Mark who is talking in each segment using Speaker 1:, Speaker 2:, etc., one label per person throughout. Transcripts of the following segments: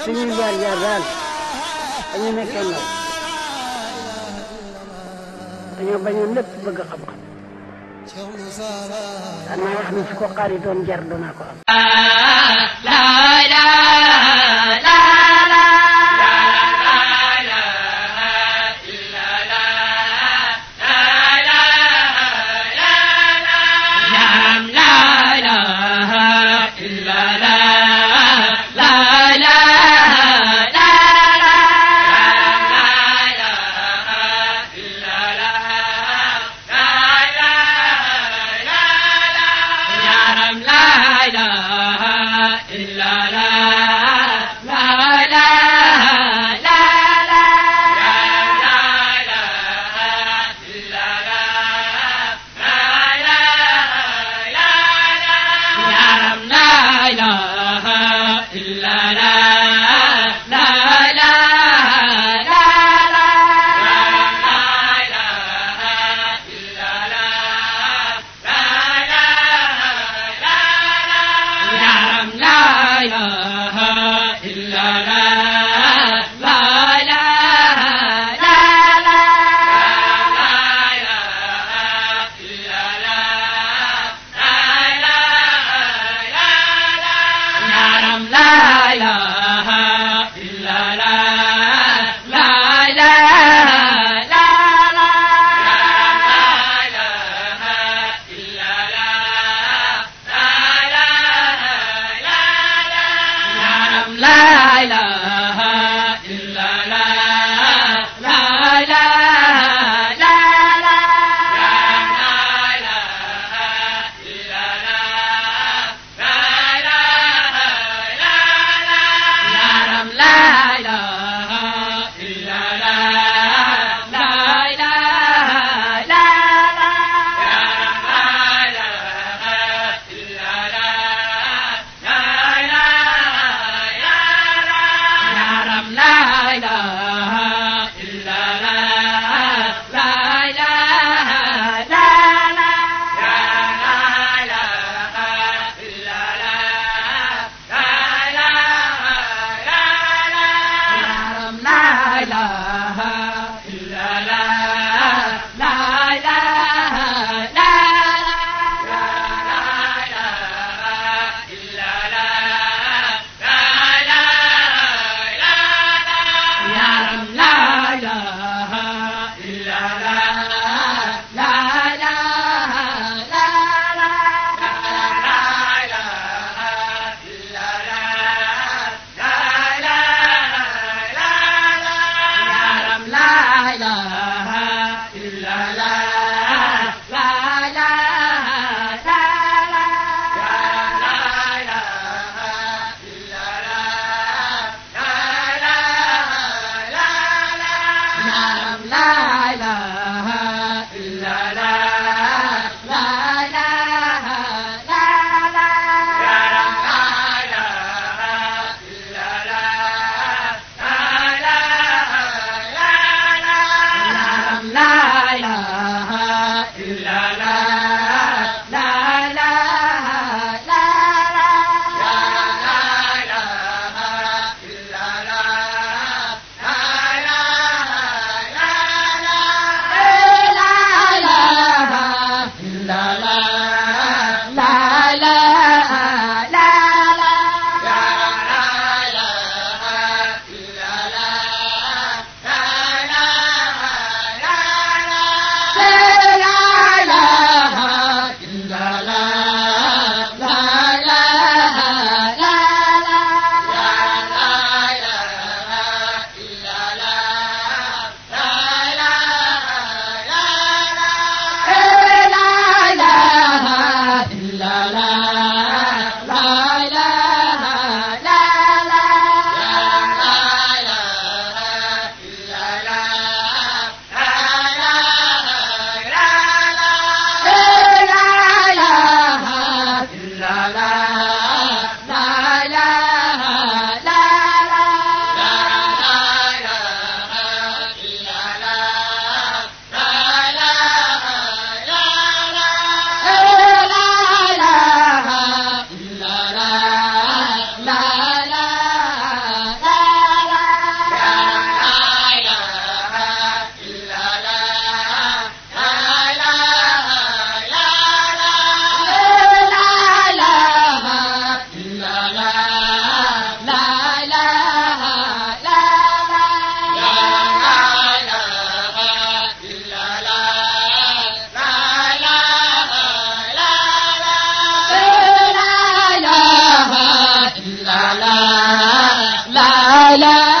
Speaker 1: suñuy jaar jaar daal dañu nekkee ndaw dañoo bañoon bëgg xam ko la uh, la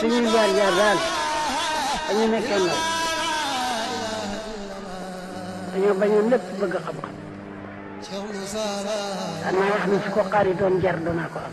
Speaker 1: suñuy jaar jaar daal dañu nekkoon la dañoo bañoon lépp bëgg xam-xam daan naa wax ni su ko xaari doon jar doonaa ko am